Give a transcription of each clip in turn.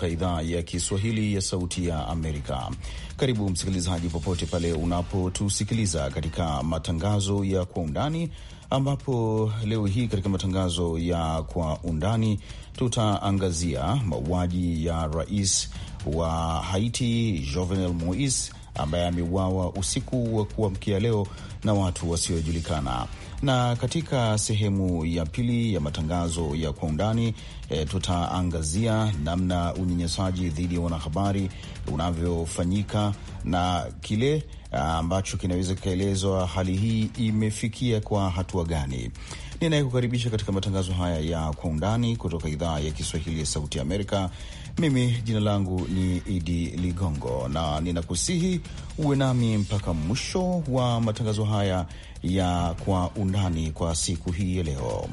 kutoka idhaa ya Kiswahili ya Sauti ya Amerika. Karibu msikilizaji, popote pale unapotusikiliza katika matangazo ya Kwa Undani, ambapo leo hii katika matangazo ya Kwa Undani tutaangazia mauaji ya rais wa Haiti Jovenel Moise ambaye ameuawa usiku wa kuamkia leo na watu wasiojulikana na katika sehemu ya pili ya matangazo ya kwa undani e, tutaangazia namna unyanyasaji dhidi ya wanahabari unavyofanyika na kile e, ambacho kinaweza kikaelezwa hali hii imefikia kwa hatua gani. Ninayekukaribisha katika matangazo haya ya kwa undani kutoka idhaa ya Kiswahili ya Sauti ya Amerika. Mimi jina langu ni Idi Ligongo na ninakusihi uwe nami mpaka mwisho wa matangazo haya ya Kwa Undani kwa siku hii ya leo.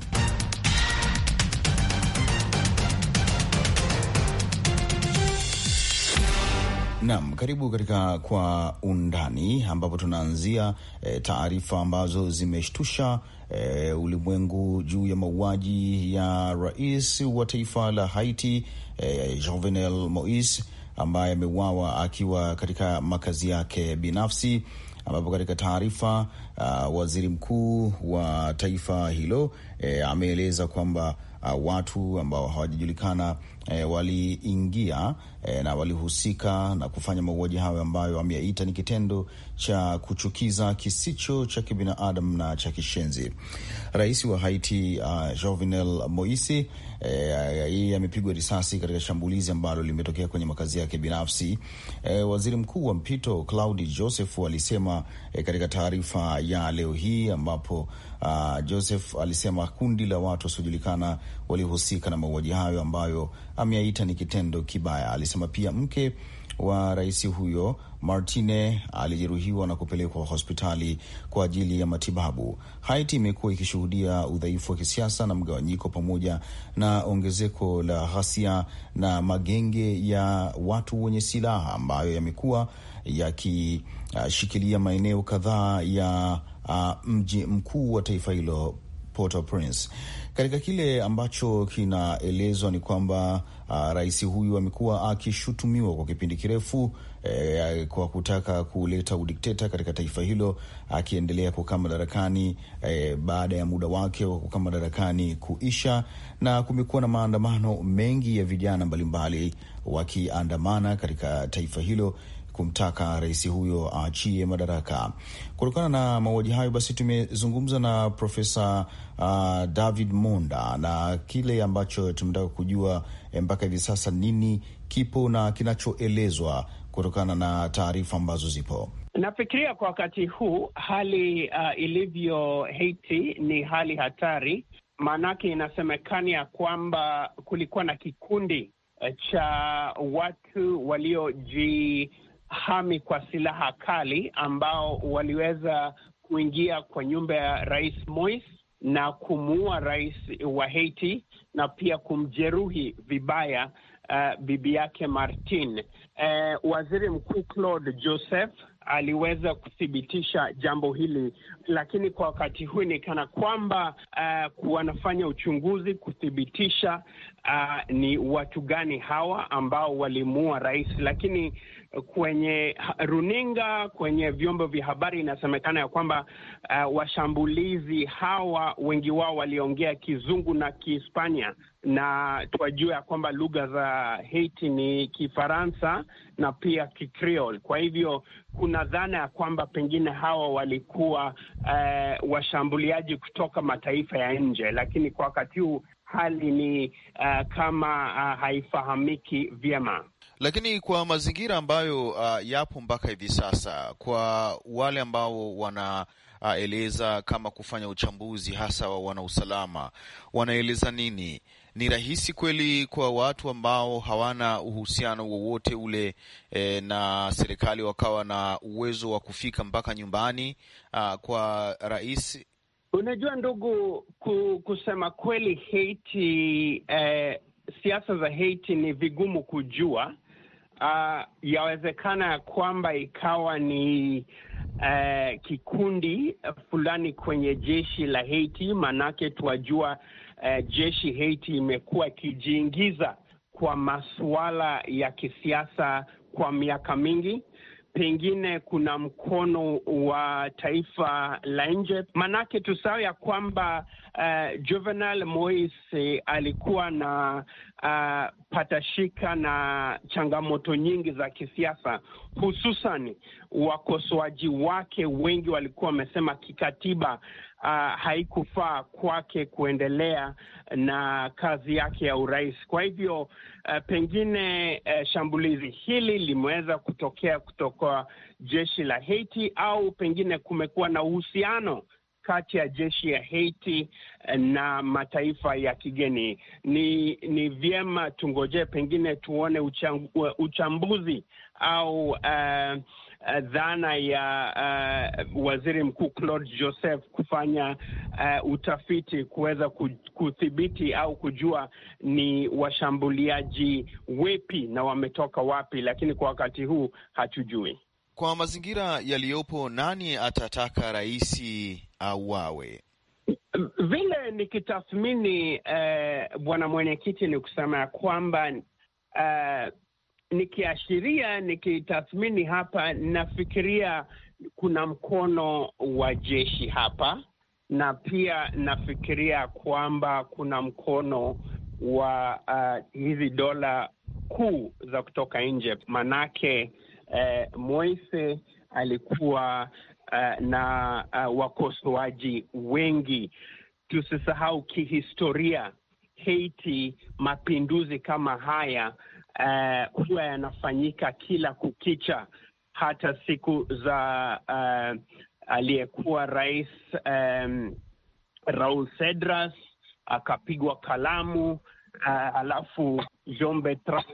Naam, karibu katika Kwa Undani, ambapo tunaanzia e, taarifa ambazo zimeshtusha e, ulimwengu juu ya mauaji ya rais wa taifa la Haiti e, Jovenel Moise ambaye ameuawa akiwa katika makazi yake binafsi, ambapo katika taarifa uh, waziri mkuu wa taifa hilo e, ameeleza kwamba uh, watu ambao hawajajulikana eh, waliingia eh, na walihusika na kufanya mauaji hayo ambayo ameyaita ni kitendo cha kuchukiza kisicho cha kibinadamu na cha kishenzi. Rais wa Haiti uh, Jovenel Moise eh, yeye amepigwa risasi katika shambulizi ambalo limetokea kwenye makazi yake binafsi. E, waziri mkuu wa mpito Claudi Joseph alisema e, katika taarifa ya leo hii ambapo uh, Joseph alisema kundi la watu wasiojulikana walihusika na mauaji hayo ambayo ameaita ni kitendo kibaya. Alisema pia mke wa rais huyo Martine alijeruhiwa na kupelekwa hospitali kwa ajili ya matibabu. Haiti imekuwa ikishuhudia udhaifu wa kisiasa na mgawanyiko pamoja na ongezeko la ghasia na magenge ya watu wenye silaha ambayo yamekuwa yakishikilia maeneo kadhaa ya uh, mji mkuu wa taifa hilo Port-au-Prince. Katika kile ambacho kinaelezwa ni kwamba uh, rais huyu amekuwa akishutumiwa kwa kipindi kirefu eh, kwa kutaka kuleta udikteta katika taifa hilo, akiendelea kukaa madarakani eh, baada ya muda wake wa kukaa madarakani kuisha, na kumekuwa na maandamano mengi ya vijana mbalimbali wakiandamana katika taifa hilo kumtaka rais huyo aachie madaraka. Kutokana na mauaji hayo, basi tumezungumza na Profesa uh, David Munda na kile ambacho tumetaka kujua eh, mpaka hivi sasa nini kipo na kinachoelezwa kutokana na taarifa ambazo zipo. Nafikiria kwa wakati huu hali uh, ilivyo Haiti ni hali hatari, maanake inasemekana ya kwamba kulikuwa na kikundi eh, cha watu walioji hami kwa silaha kali ambao waliweza kuingia kwa nyumba ya Rais Moise na kumuua rais wa Haiti na pia kumjeruhi vibaya uh, bibi yake Martin. Uh, waziri mkuu Claude Joseph aliweza kuthibitisha jambo hili, lakini kwa wakati huu ni kana kwamba uh, wanafanya uchunguzi kuthibitisha uh, ni watu gani hawa ambao walimuua rais, lakini kwenye runinga, kwenye vyombo vya habari, inasemekana ya kwamba uh, washambulizi hawa wengi wao waliongea Kizungu na Kihispania, na tuwajua ya kwamba lugha za Haiti ni Kifaransa na pia Kikreol. Kwa hivyo kuna dhana ya kwamba pengine hawa walikuwa uh, washambuliaji kutoka mataifa ya nje, lakini kwa wakati huu hali ni uh, kama uh, haifahamiki vyema. Lakini kwa mazingira ambayo uh, yapo mpaka hivi sasa, kwa wale ambao wanaeleza uh, kama kufanya uchambuzi hasa wa wanausalama, wanaeleza nini? Ni rahisi kweli kwa watu ambao hawana uhusiano wowote ule e, na serikali wakawa na uwezo wa kufika mpaka nyumbani uh, kwa rais? Unajua ndugu, kusema kweli Haiti, eh, siasa za Haiti ni vigumu kujua uh, yawezekana ya kwamba ikawa ni uh, kikundi fulani kwenye jeshi la Haiti, manake tuwajua uh, eh, jeshi Haiti imekuwa ikijiingiza kwa masuala ya kisiasa kwa miaka mingi. Pengine kuna mkono wa taifa la nje, manake tusahau ya kwamba uh, Juvenal Moise alikuwa na uh, patashika na changamoto nyingi za kisiasa, hususan wakosoaji wake wengi walikuwa wamesema kikatiba uh, haikufaa kwake kuendelea na kazi yake ya urais. Kwa hivyo uh, pengine uh, shambulizi hili limeweza kutokea kutoka jeshi la Haiti au pengine kumekuwa na uhusiano kati ya jeshi ya Haiti na mataifa ya kigeni. Ni ni vyema tungojee, pengine tuone uchambuzi au uh, dhana ya uh, waziri mkuu Claude Joseph kufanya uh, utafiti kuweza kuthibiti au kujua ni washambuliaji wepi na wametoka wapi, lakini kwa wakati huu hatujui. Kwa mazingira yaliyopo, nani atataka rais auawe? Vile nikitathmini, eh, bwana mwenyekiti, ni kusema ya kwamba eh, nikiashiria, nikitathmini hapa, nafikiria kuna mkono wa jeshi hapa, na pia nafikiria kwamba kuna mkono wa uh, hizi dola kuu za kutoka nje manake eh, Moise alikuwa uh, na uh, wakosoaji wengi. Tusisahau kihistoria, Haiti, mapinduzi kama haya uh, huwa yanafanyika kila kukicha, hata siku za uh, aliyekuwa rais um, Raul Cedras akapigwa kalamu, uh, alafu Jean Bertrand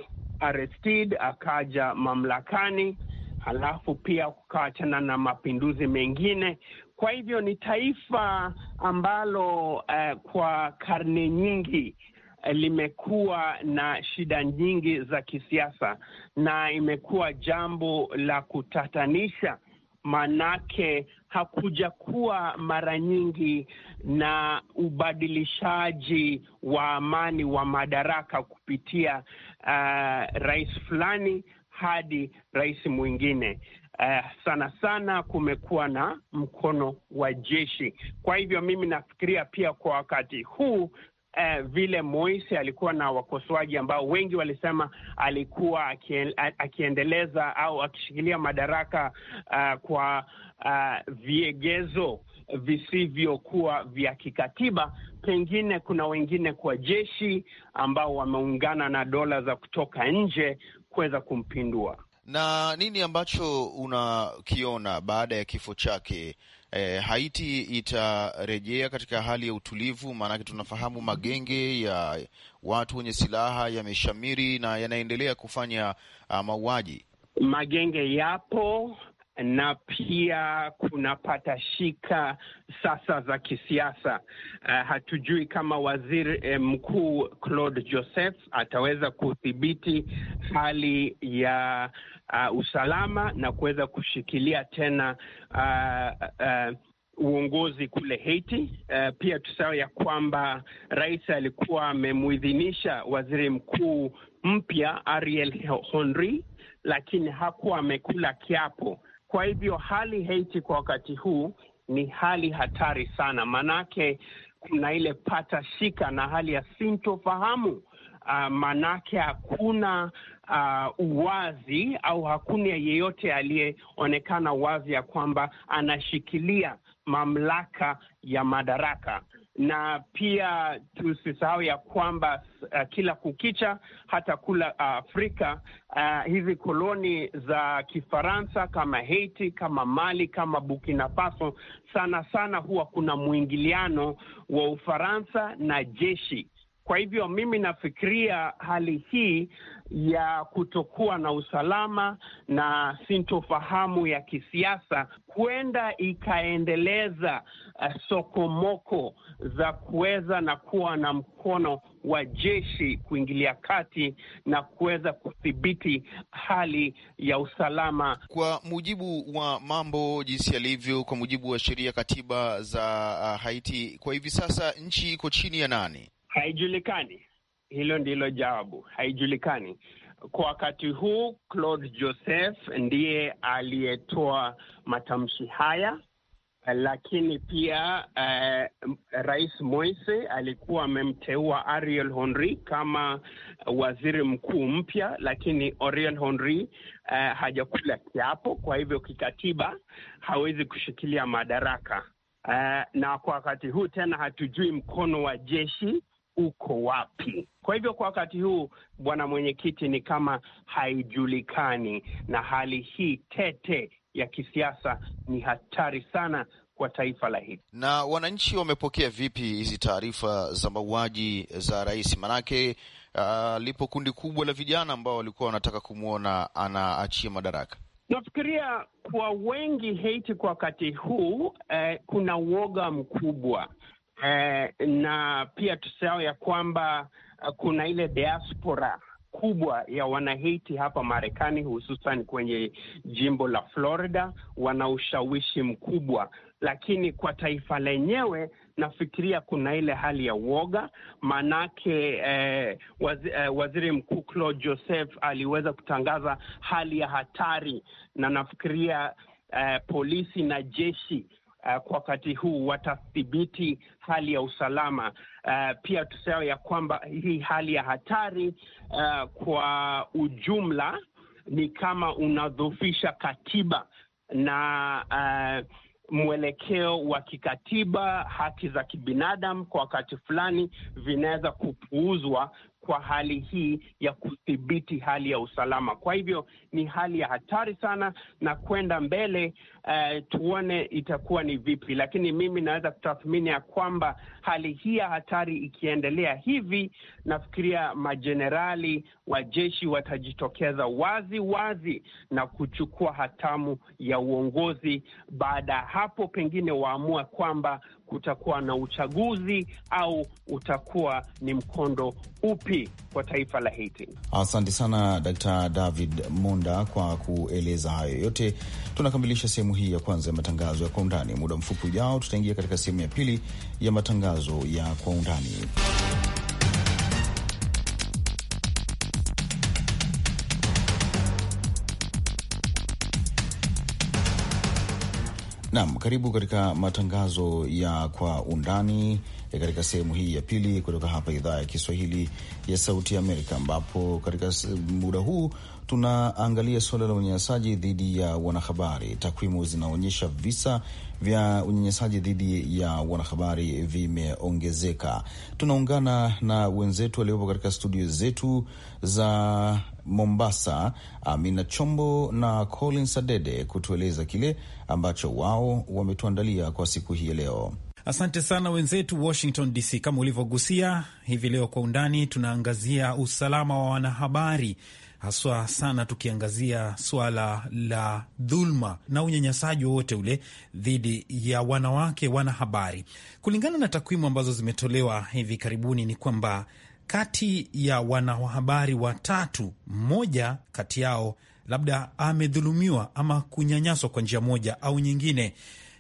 arrested akaja mamlakani, halafu pia kukaachana na mapinduzi mengine. Kwa hivyo ni taifa ambalo uh, kwa karne nyingi eh, limekuwa na shida nyingi za kisiasa na imekuwa jambo la kutatanisha, manake hakuja kuwa mara nyingi na ubadilishaji wa amani wa madaraka kupitia uh, rais fulani hadi rais mwingine. Uh, sana sana kumekuwa na mkono wa jeshi. Kwa hivyo mimi nafikiria pia kwa wakati huu eh, vile Moise alikuwa na wakosoaji ambao wengi walisema alikuwa akien, akiendeleza au akishikilia madaraka uh, kwa uh, viegezo visivyokuwa vya kikatiba. Pengine kuna wengine kwa jeshi ambao wameungana na dola za kutoka nje kuweza kumpindua. Na nini ambacho unakiona baada ya kifo chake? E, Haiti itarejea katika hali ya utulivu? Maanake tunafahamu magenge ya watu wenye silaha yameshamiri na yanaendelea kufanya uh, mauaji. Magenge yapo na pia kuna shika sasa za kisiasa. Uh, hatujui kama waziri eh, mkuu Claude Joseph ataweza kudhibiti hali ya uh, usalama na kuweza kushikilia tena uh, uh, uongozi kule Haiti. Uh, pia tusahau ya kwamba rais alikuwa amemuidhinisha waziri mkuu mpya Ariel Henry, lakini hakuwa amekula kiapo kwa hivyo hali Haiti kwa wakati huu ni hali hatari sana, manake kuna ile pata shika na hali ya sintofahamu. Uh, manake hakuna uh, uwazi au hakuna yeyote aliyeonekana wazi ya kwamba anashikilia mamlaka ya madaraka na pia tusisahau ya kwamba uh, kila kukicha hata kula uh, Afrika uh, hizi koloni za Kifaransa kama Haiti, kama Mali, kama Burkina Faso, sana sana huwa kuna mwingiliano wa Ufaransa na jeshi kwa hivyo mimi nafikiria hali hii ya kutokuwa na usalama na sintofahamu ya kisiasa huenda ikaendeleza uh, sokomoko za kuweza na kuwa na mkono wa jeshi kuingilia kati na kuweza kudhibiti hali ya usalama. Kwa mujibu wa mambo jinsi yalivyo, kwa mujibu wa sheria katiba za ah, Haiti, kwa hivi sasa nchi iko chini ya nani? Haijulikani, hilo ndilo jawabu, haijulikani. Kwa wakati huu Claude Joseph ndiye aliyetoa matamshi haya, lakini pia uh, Rais Moise alikuwa amemteua Ariel Henry kama waziri mkuu mpya, lakini Ariel Henry uh, hajakula kiapo, kwa hivyo kikatiba hawezi kushikilia madaraka. Uh, na kwa wakati huu tena hatujui mkono wa jeshi uko wapi? Kwa hivyo kwa wakati huu, bwana mwenyekiti, ni kama haijulikani, na hali hii tete ya kisiasa ni hatari sana kwa taifa la hili. Na wananchi wamepokea vipi hizi taarifa za mauaji za rais? Manake uh, lipo kundi kubwa la vijana ambao walikuwa wanataka kumwona anaachia madaraka. Nafikiria kwa wengi Haiti kwa wakati huu eh, kuna uoga mkubwa Eh, na pia tusahau ya kwamba eh, kuna ile diaspora kubwa ya wanahaiti hapa Marekani, hususan kwenye jimbo la Florida, wana ushawishi mkubwa, lakini kwa taifa lenyewe nafikiria kuna ile hali ya uoga maanake, eh, waz, eh, waziri mkuu Claude Joseph aliweza kutangaza hali ya hatari, na nafikiria eh, polisi na jeshi uh, kwa wakati huu watathibiti hali ya usalama. Uh, pia tuseme ya kwamba hii hali ya hatari uh, kwa ujumla ni kama unadhofisha katiba na uh, mwelekeo wa kikatiba, haki za kibinadamu kwa wakati fulani vinaweza kupuuzwa kwa hali hii ya kudhibiti hali ya usalama. Kwa hivyo ni hali ya hatari sana, na kwenda mbele uh, tuone itakuwa ni vipi, lakini mimi naweza kutathmini ya kwamba hali hii ya hatari ikiendelea hivi, nafikiria majenerali wa jeshi watajitokeza wazi wazi na kuchukua hatamu ya uongozi. Baada ya hapo, pengine waamua kwamba kutakuwa na uchaguzi au utakuwa ni mkondo upi kwa taifa la Haiti? Asante sana Dkt. David Munda kwa kueleza hayo yote. Tunakamilisha sehemu hii ya kwanza ya matangazo ya kwa undani. Muda mfupi ujao, tutaingia katika sehemu ya pili ya matangazo ya kwa undani. Naam, karibu katika matangazo ya kwa undani eh, katika sehemu hii ya pili kutoka hapa idhaa ya Kiswahili ya Sauti Amerika, ambapo katika muda huu tunaangalia suala la unyanyasaji dhidi ya wanahabari. Takwimu zinaonyesha visa vya unyanyasaji dhidi ya wanahabari vimeongezeka. Tunaungana na wenzetu waliopo katika studio zetu za Mombasa, Amina ah, Chombo na Colin Sadede kutueleza kile ambacho wao wametuandalia kwa siku hii ya leo. Asante sana wenzetu Washington DC. Kama ulivyogusia hivi leo, kwa undani tunaangazia usalama wa wanahabari haswa sana tukiangazia swala la dhulma na unyanyasaji wowote ule dhidi ya wanawake wanahabari. Kulingana na takwimu ambazo zimetolewa hivi karibuni, ni kwamba kati ya wanahabari watatu, mmoja kati yao labda amedhulumiwa ama kunyanyaswa kwa njia moja au nyingine.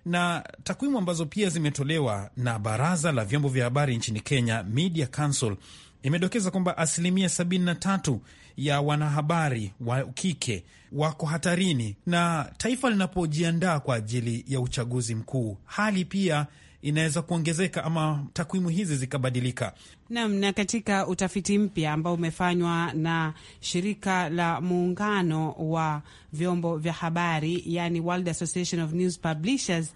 Na takwimu ambazo pia zimetolewa na Baraza la Vyombo vya Habari nchini Kenya, Media Council, imedokeza kwamba asilimia 73 ya wanahabari wa kike wako hatarini, na taifa linapojiandaa kwa ajili ya uchaguzi mkuu, hali pia inaweza kuongezeka ama takwimu hizi zikabadilika. Nam. Na katika utafiti mpya ambao umefanywa na shirika la muungano wa vyombo vya habari yani World Association of News Publishers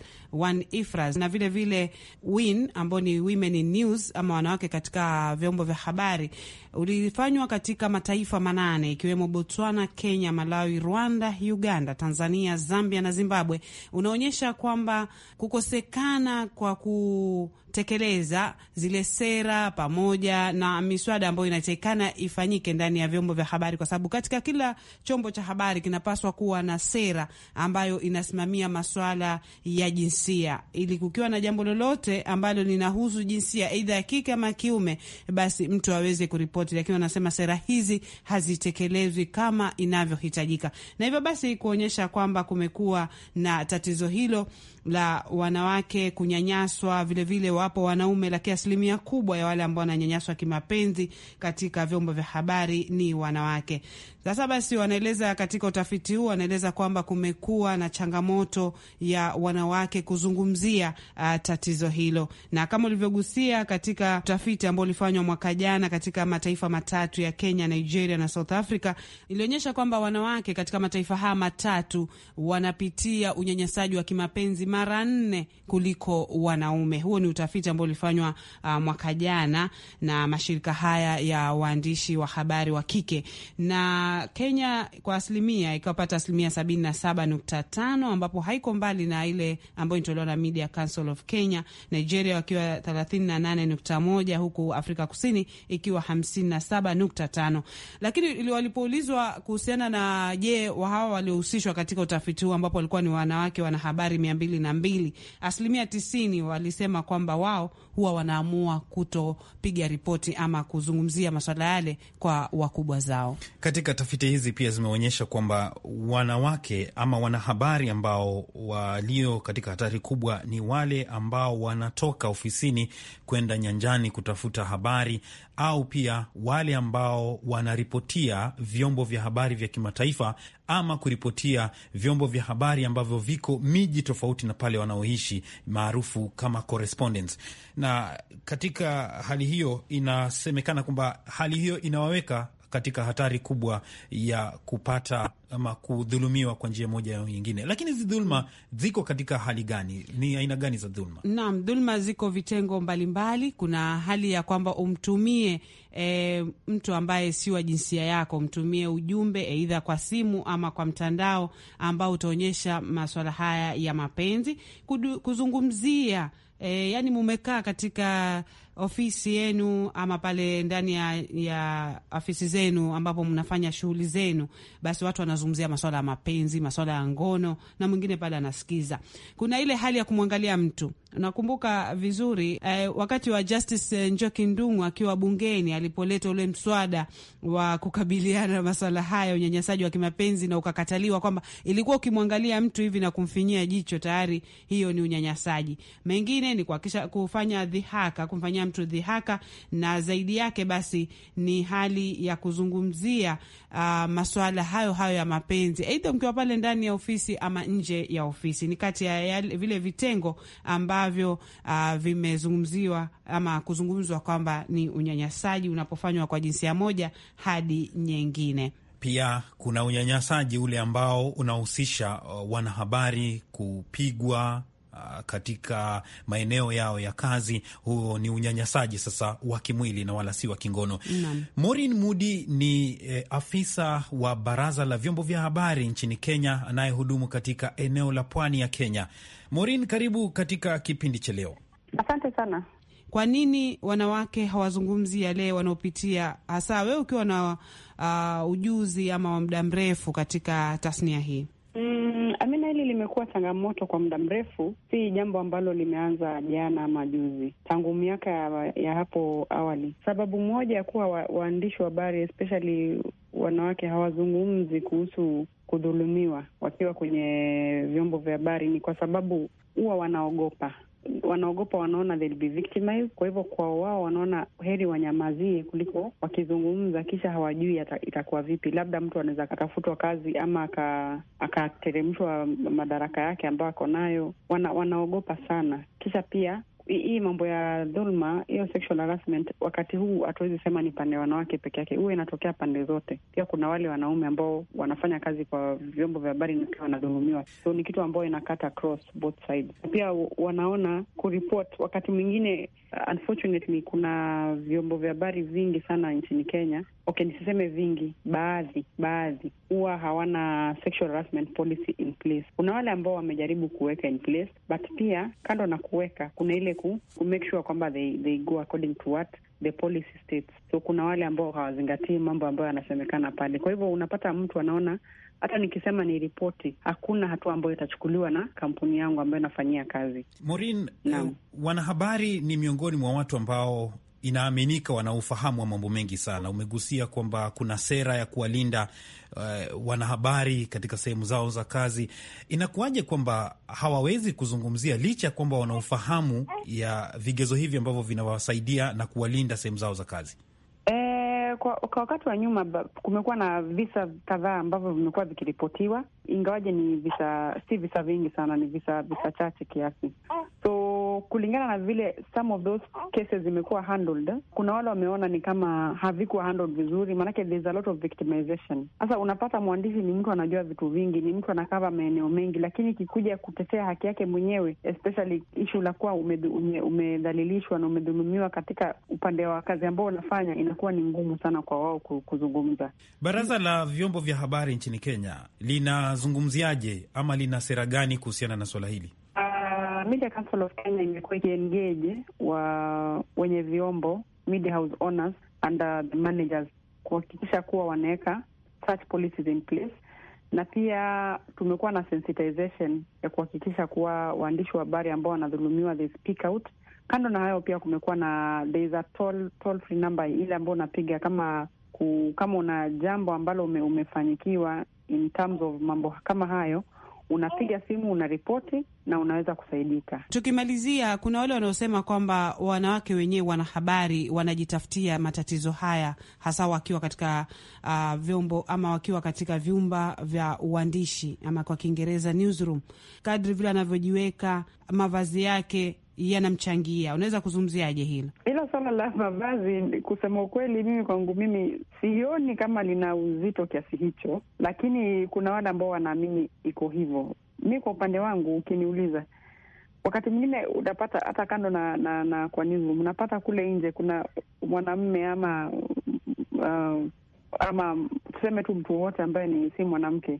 IFRAS na vile vile WIN ambao ni Women in News ama wanawake katika vyombo vya habari ulifanywa katika mataifa manane ikiwemo Botswana, Kenya, Malawi, Rwanda, Uganda, Tanzania, Zambia na Zimbabwe, unaonyesha kwamba kukosekana kwa ku tekeleza zile sera pamoja na miswada ambayo inatakikana ifanyike ndani ya vyombo vya habari, kwa sababu katika kila chombo cha habari kinapaswa kuwa na sera ambayo inasimamia maswala ya jinsia, ili kukiwa na jambo lolote ambalo linahusu jinsia, aidha ya kike ama kiume, basi mtu aweze kuripoti. Lakini wanasema sera hizi hazitekelezwi kama inavyohitajika, na hivyo basi kuonyesha kwamba kumekuwa na tatizo hilo la wanawake kunyanyaswa, vilevile wapo wanaume, lakini asilimia kubwa ya wale ambao wananyanyaswa kimapenzi katika vyombo vya habari ni wanawake. Sasa basi, wanaeleza katika utafiti huu, wanaeleza kwamba kumekuwa na changamoto ya wanawake kuzungumzia uh, tatizo hilo, na kama ulivyogusia katika utafiti ambao ulifanywa mwaka jana katika mataifa matatu ya Kenya, Nigeria na South Africa, ilionyesha kwamba wanawake katika mataifa haya matatu wanapitia unyanyasaji wa kimapenzi mara nne kuliko wanaume. Huo ni utafiti ambao ulifanywa uh, mwaka jana na mashirika haya ya waandishi wa habari wa kike na Kenya kwa asilimia ikiwapata asilimia sabini na saba nukta tano ambapo haiko mbali na ile ambayo inatolewa na Media Council of Kenya. Nigeria wakiwa thelathini na nane nukta moja huku Afrika Kusini ikiwa hamsini na saba nukta tano Lakini walipoulizwa kuhusiana na je, hawa waliohusishwa katika utafiti huu ambapo walikuwa ni wanawake wanahabari mia mbili na mbili asilimia tisini walisema kwamba wao huwa wanaamua kutopiga ripoti ama kuzungumzia maswala yale kwa wakubwa zao. Katika tafiti hizi pia zimeonyesha kwamba wanawake ama wanahabari ambao walio katika hatari kubwa ni wale ambao wanatoka ofisini kwenda nyanjani kutafuta habari au pia wale ambao wanaripotia vyombo vya habari vya kimataifa ama kuripotia vyombo vya habari ambavyo viko miji tofauti na pale wanaoishi maarufu kama Na katika hali hiyo, inasemekana kwamba hali hiyo inawaweka katika hatari kubwa ya kupata ama kudhulumiwa kwa njia moja au nyingine. Lakini hizi dhuluma ziko katika hali gani? Ni aina gani za dhuluma? Naam, dhuluma ziko vitengo mbalimbali mbali. Kuna hali ya kwamba umtumie e, mtu ambaye si wa jinsia yako, umtumie ujumbe aidha kwa simu ama kwa mtandao ambao utaonyesha maswala haya ya mapenzi kudu, kuzungumzia e, yani mumekaa katika ofisi yenu ama pale ndani ya, ya afisi zenu ambapo mnafanya shughuli zenu, basi watu wanazungumzia maswala ya mapenzi, maswala ya ngono, na mwingine pale anasikiza kuna ile hali ya kumwangalia mtu. Nakumbuka vizuri eh, wakati wa Justice eh, Njoki Ndung'u akiwa bungeni alipoleta ule mswada wa kukabiliana na maswala haya unyanyasaji wa kimapenzi, na ukakataliwa kwamba ilikuwa ukimwangalia mtu hivi na kumfinyia jicho tayari hiyo ni unyanyasaji. Mengine ni kuhakikisha kufanya dhihaka, kumfanyia Gertrude Dhihaka, na zaidi yake basi ni hali ya kuzungumzia uh, masuala hayo hayo ya mapenzi, aidha mkiwa pale ndani ya ofisi ama nje ya ofisi. Ni kati ya yale, vile vitengo ambavyo uh, vimezungumziwa ama kuzungumzwa kwamba ni unyanyasaji unapofanywa kwa jinsia moja hadi nyingine. Pia kuna unyanyasaji ule ambao unahusisha uh, wanahabari kupigwa Ah, katika maeneo yao ya kazi, huo ni unyanyasaji sasa wa kimwili na wala si wa kingono. Maureen Mudi ni eh, afisa wa baraza la vyombo vya habari nchini Kenya anayehudumu katika eneo la pwani ya Kenya. Maureen, karibu katika kipindi cha leo. Asante sana. Kwa nini wanawake hawazungumzi yale wanaopitia, hasa wewe ukiwa na uh, ujuzi ama wa muda mrefu katika tasnia hii? Mm, limekuwa changamoto kwa muda mrefu, si jambo ambalo limeanza jana ama juzi, tangu miaka ya, ya hapo awali. Sababu moja ya kuwa wa, waandishi wa habari especially wanawake hawazungumzi kuhusu kudhulumiwa wakiwa kwenye vyombo vya habari ni kwa sababu huwa wanaogopa wanaogopa, wanaona they'll be victimized. Kwa hivyo kwao wao wanaona heri wanyamazie kuliko wakizungumza, kisha hawajui itakuwa vipi. Labda mtu anaweza akatafutwa kazi ama akateremshwa madaraka yake ambayo ako nayo. Wana, wanaogopa sana, kisha pia hii mambo ya dhulma, hiyo sexual harassment, wakati huu hatuwezi sema ni pande wanawake peke yake, huwa inatokea pande zote. Pia kuna wale wanaume ambao wanafanya kazi kwa vyombo vya habari pia wanadhulumiwa, so ni kitu ambayo inakata across both sides. Pia wanaona ku wakati mwingine, uh, unfortunately, kuna vyombo vya habari vingi sana nchini Kenya okay, nisiseme vingi, baadhi baadhi huwa hawana sexual harassment policy in place. Kuna wale ambao wamejaribu kuweka in place, but pia kando na kuweka, kuna ile ku, ku make sure kwamba they, they go according to what the policy states. So kuna wale ambao hawazingatii mambo ambayo yanasemekana pale, kwa hivyo unapata mtu anaona hata nikisema ni ripoti, hakuna hatua ambayo itachukuliwa na kampuni yangu ambayo inafanyia kazi Maureen. No. Eh, wanahabari ni miongoni mwa watu ambao inaaminika wanaufahamu wa mambo mengi sana. Umegusia kwamba kuna sera ya kuwalinda uh, wanahabari katika sehemu zao za kazi. Inakuwaje kwamba hawawezi kuzungumzia licha ya kwamba wanaufahamu ya vigezo hivi ambavyo vinawasaidia na kuwalinda sehemu zao za kazi? E, kwa, kwa wakati wa nyuma kumekuwa na visa kadhaa ambavyo vimekuwa vikiripotiwa ingawaje ni visa, si visa vingi sana, ni visa visa chache kiasi. So kulingana na vile some of those cases zimekuwa handled, kuna wale wameona ni kama havikuwa handled vizuri, maanake there's a lot of victimization. Sasa unapata mwandishi ni mtu anajua vitu vingi, ni mtu anakava maeneo mengi, lakini ikikuja kutetea haki yake mwenyewe, especially ishu la kuwa umedhalilishwa na umedhulumiwa katika upande wa kazi ambao unafanya, inakuwa ni ngumu sana kwa wao kuzungumza. Baraza la vyombo vya habari nchini Kenya lina linazungumziaje ama lina sera gani kuhusiana na swala hili? Uh, Media Council of Kenya imekuwa ikiengage wa wenye vyombo media house owners and uh, the managers kuhakikisha kuwa wanaweka such policies in place, na pia tumekuwa na sensitization ya kuhakikisha kuwa waandishi wa habari ambao wanadhulumiwa they speak out. Kando na hayo pia kumekuwa na there is a toll, toll free number ile ambayo unapiga kama ku, kama una jambo ambalo ume, umefanyikiwa in terms of mambo kama hayo, unapiga simu unaripoti, na unaweza kusaidika. Tukimalizia, kuna wale wanaosema kwamba wanawake wenyewe wanahabari wanajitafutia matatizo haya, hasa wakiwa katika uh, vyombo ama wakiwa katika vyumba vya uandishi ama kwa Kiingereza newsroom. Kadri vile anavyojiweka mavazi yake yanamchangia. Unaweza kuzungumziaje hilo? Hilo swala la mavazi, kusema ukweli, mimi kwangu mimi sioni kama lina uzito kiasi hicho, lakini kuna wale ambao wanaamini iko hivyo mi kwa upande wangu ukiniuliza, wakati mwingine utapata hata kando na na, na kwanism unapata kule nje kuna mwanamme ama uh, ama tuseme tu mtu wowote ambaye ni si mwanamke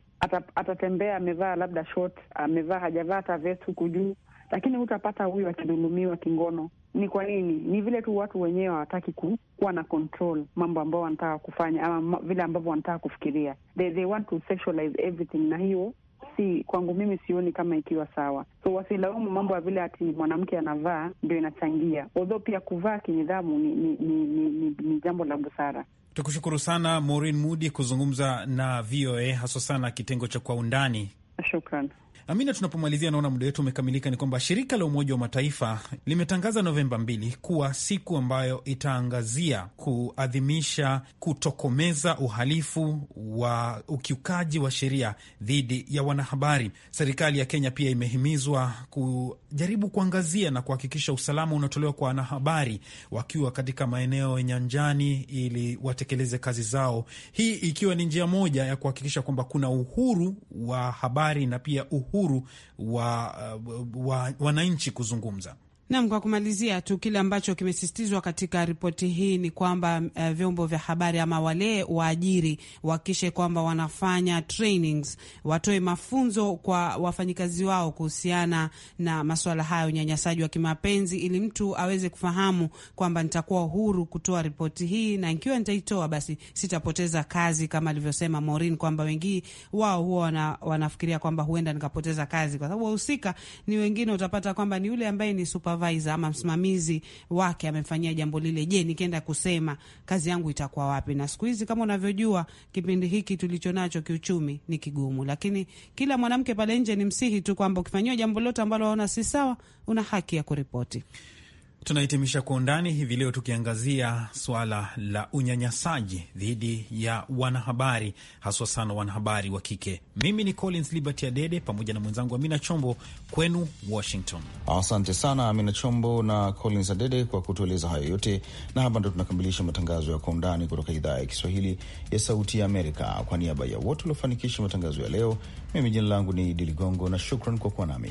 atatembea amevaa labda short, amevaa hajavaa hata vest huku juu, lakini hutapata huyu akidhulumiwa kingono. Ni kwa nini? Ni vile tu watu wenyewe hawataki kuwa na control mambo ambayo wanataka kufanya ama vile ambavyo wanataka kufikiria. They, they want to sexualize everything, na hiyo si kwangu mimi sioni kama ikiwa sawa. So wasilaumu mambo ya vile ati mwanamke anavaa ndio inachangia, odho pia kuvaa kinidhamu ni, ni, ni, ni, ni, ni jambo la busara. Tukushukuru sana Maureen Mudi kuzungumza na VOA haswa sana kitengo cha kwa undani. Shukran. Amina, tunapomalizia naona muda wetu umekamilika, ni kwamba shirika la Umoja wa Mataifa limetangaza Novemba mbili kuwa siku ambayo itaangazia kuadhimisha kutokomeza uhalifu wa ukiukaji wa sheria dhidi ya wanahabari. Serikali ya Kenya pia imehimizwa kujaribu kuangazia na kuhakikisha usalama unatolewa kwa wanahabari wakiwa katika maeneo ya nyanjani ili watekeleze kazi zao, hii ikiwa ni njia moja ya kuhakikisha kwamba kuna uhuru wa habari na pia uhuru uhuru wa uh, wa, wa, wa kuzungumza. Nam, kwa kumalizia tu kile ambacho kimesisitizwa katika ripoti hii ni kwamba uh, vyombo vya habari ama wale waajiri wahakikishe kwamba wanafanya trainings, watoe mafunzo kwa wafanyikazi wao kuhusiana na masuala hayo, unyanyasaji wa kimapenzi, ili mtu aweze kufahamu kwamba nitakuwa huru kutoa ripoti hii, na ikiwa nitaitoa basi sitapoteza kazi, kama alivyosema Maureen kwamba wengi wao huwa wana, wanafikiria kwamba huenda nikapoteza kazi kwa sababu wahusika ni wengine, utapata kwamba ni yule ambaye ni super supervisor ama msimamizi wake amemfanyia jambo lile, je, nikienda kusema kazi yangu itakuwa wapi? Na siku hizi kama unavyojua, kipindi hiki tulicho nacho kiuchumi ni kigumu, lakini kila mwanamke pale nje ni msihi tu kwamba ukifanyiwa jambo lote ambalo waona si sawa, una haki ya kuripoti. Tunahitimisha kwa undani hivi leo tukiangazia swala la unyanyasaji dhidi ya wanahabari haswa sana wanahabari wa kike. Mimi ni Collins Liberty Adede pamoja na mwenzangu Amina Chombo kwenu Washington. Asante sana Amina Chombo na Collins Adede kwa kutueleza hayo yote, na hapa ndo tunakamilisha matangazo ya kwa undani kutoka idhaa ya Kiswahili ya Sauti ya Amerika. Kwa niaba ya wote waliofanikisha matangazo ya leo, mimi jina langu ni Idi Ligongo na shukran kwa kuwa nami.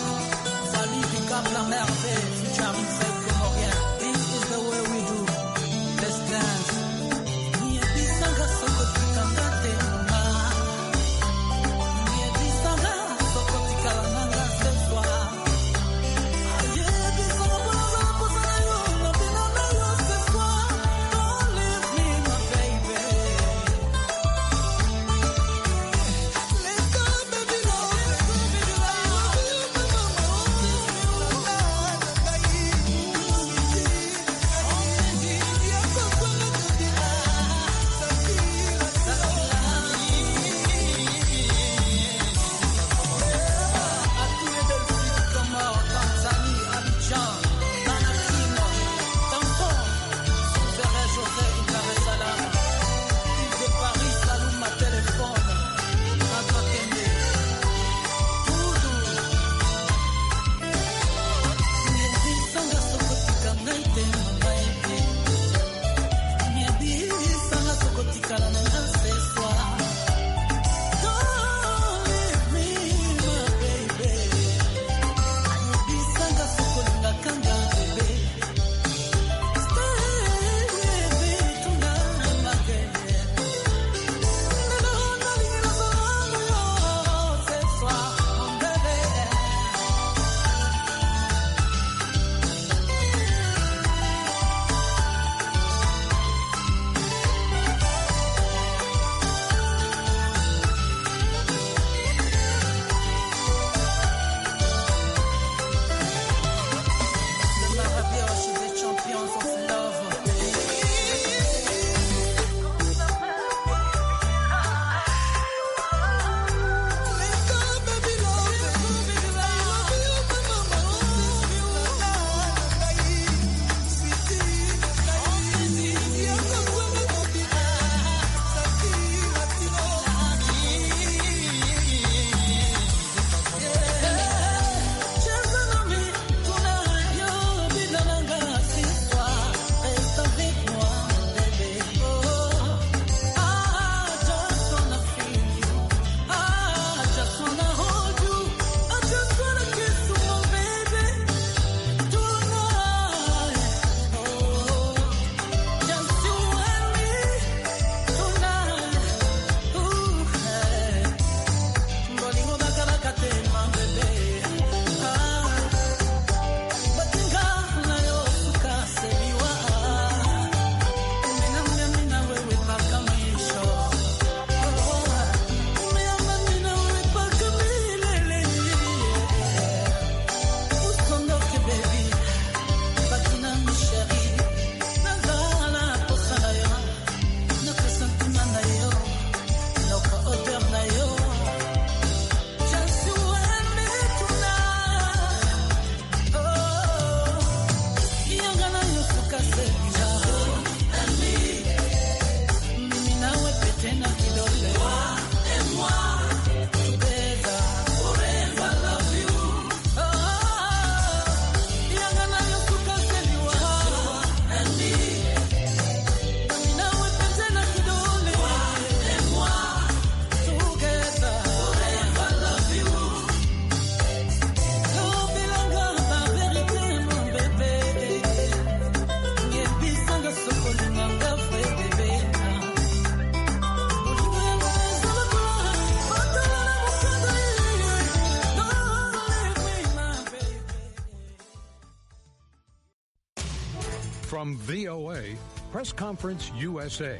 Press Conference USA.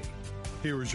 Here's